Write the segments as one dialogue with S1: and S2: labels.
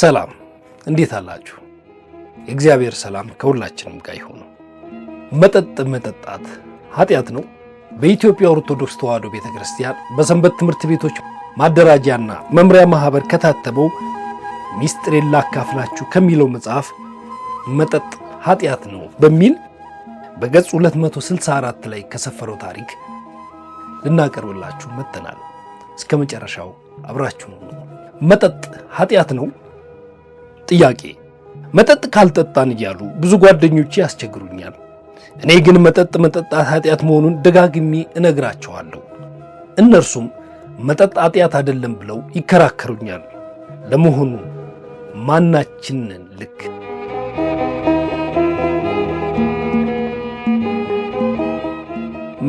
S1: ሰላም እንዴት አላችሁ? የእግዚአብሔር ሰላም ከሁላችንም ጋር ይሁን። መጠጥ መጠጣት ኃጢአት ነው። በኢትዮጵያ ኦርቶዶክስ ተዋሕዶ ቤተ ክርስቲያን በሰንበት ትምህርት ቤቶች ማደራጃና መምሪያ ማህበር ከታተበው ሚስጥር ላካፍላችሁ ከሚለው መጽሐፍ መጠጥ ኃጢአት ነው በሚል በገጽ 264 ላይ ከሰፈረው ታሪክ ልናቀርብላችሁ መጥተናል። እስከ መጨረሻው አብራችሁ መጠጥ ኃጢአት ነው ጥያቄ መጠጥ ካልጠጣን እያሉ ብዙ ጓደኞቼ ያስቸግሩኛል። እኔ ግን መጠጥ መጠጣት ኃጢአት መሆኑን ደጋግሜ እነግራቸዋለሁ። እነርሱም መጠጥ ኃጢአት አይደለም ብለው ይከራከሩኛል። ለመሆኑ ማናችንን ልክ?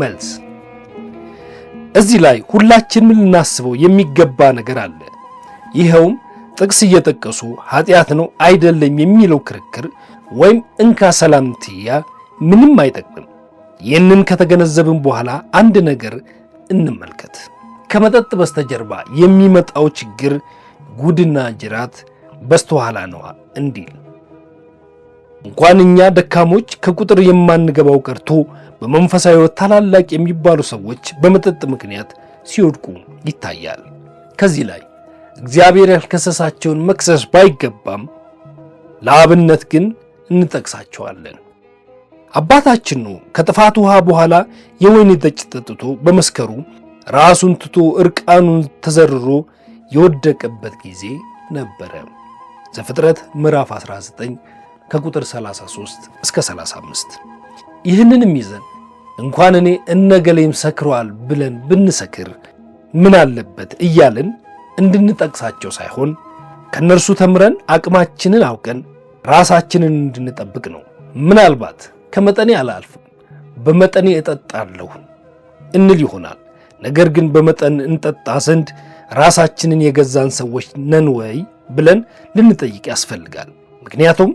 S1: መልስ እዚህ ላይ ሁላችንም ልናስበው የሚገባ ነገር አለ። ይኸውም ጥቅስ እየጠቀሱ ኃጢአት ነው አይደለም የሚለው ክርክር ወይም እንካ ሰላምትያ ምንም አይጠቅምም። ይህንን ከተገነዘብን በኋላ አንድ ነገር እንመልከት። ከመጠጥ በስተጀርባ የሚመጣው ችግር ጉድና ጅራት በስተኋላ ነዋ እንዲል እንኳን እኛ ደካሞች ከቁጥር የማንገባው ቀርቶ በመንፈሳዊ ታላላቅ የሚባሉ ሰዎች በመጠጥ ምክንያት ሲወድቁ ይታያል። ከዚህ ላይ እግዚአብሔር ያልከሰሳቸውን መክሰስ ባይገባም ለአብነት ግን እንጠቅሳቸዋለን። አባታችን ከጥፋት ውሃ በኋላ የወይን ጠጅ ጠጥቶ በመስከሩ ራሱን ትቶ እርቃኑን ተዘርሮ የወደቀበት ጊዜ ነበረ። ዘፍጥረት ምዕራፍ 19 ከቁጥር 33 እስከ 35። ይህንንም ይዘን እንኳን እኔ እነገሌም ሰክረዋል ብለን ብንሰክር ምን አለበት እያልን እንድንጠቅሳቸው ሳይሆን ከእነርሱ ተምረን አቅማችንን አውቀን ራሳችንን እንድንጠብቅ ነው። ምናልባት ከመጠኔ አላልፍም፣ በመጠኔ እጠጣለሁ እንል ይሆናል። ነገር ግን በመጠን እንጠጣ ዘንድ ራሳችንን የገዛን ሰዎች ነን ወይ ብለን ልንጠይቅ ያስፈልጋል። ምክንያቱም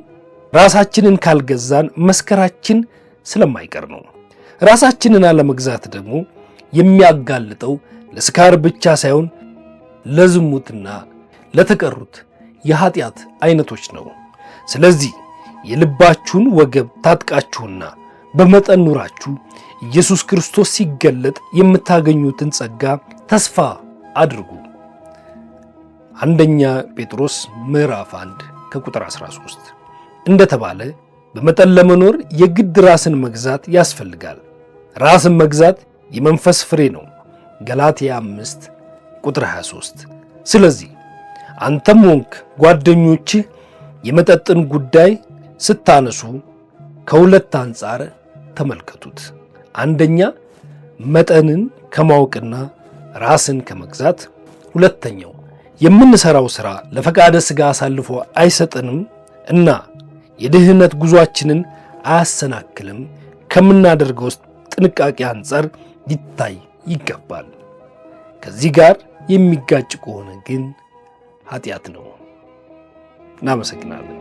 S1: ራሳችንን ካልገዛን መስከራችን ስለማይቀር ነው። ራሳችንን አለመግዛት ደግሞ የሚያጋልጠው ለስካር ብቻ ሳይሆን ለዝሙትና ለተቀሩት የኃጢአት አይነቶች ነው። ስለዚህ የልባችሁን ወገብ ታጥቃችሁና በመጠን ኑራችሁ ኢየሱስ ክርስቶስ ሲገለጥ የምታገኙትን ጸጋ ተስፋ አድርጉ። አንደኛ ጴጥሮስ ምዕራፍ 1 ከቁጥር 13 እንደተባለ በመጠን ለመኖር የግድ ራስን መግዛት ያስፈልጋል። ራስን መግዛት የመንፈስ ፍሬ ነው። ገላትያ 5 ቁጥር 23 ስለዚህ አንተም ሆንክ ጓደኞችህ የመጠጥን ጉዳይ ስታነሱ ከሁለት አንጻር ተመልከቱት። አንደኛ መጠንን ከማወቅና ራስን ከመግዛት፣ ሁለተኛው የምንሰራው ሥራ ለፈቃደ ሥጋ አሳልፎ አይሰጥንም እና የድህነት ጉዟችንን አያሰናክልም ከምናደርገው ጥንቃቄ አንጻር ሊታይ ይገባል። ከዚህ ጋር የሚጋጭ ከሆነ ግን ኃጢአት ነው። እናመሰግናለን።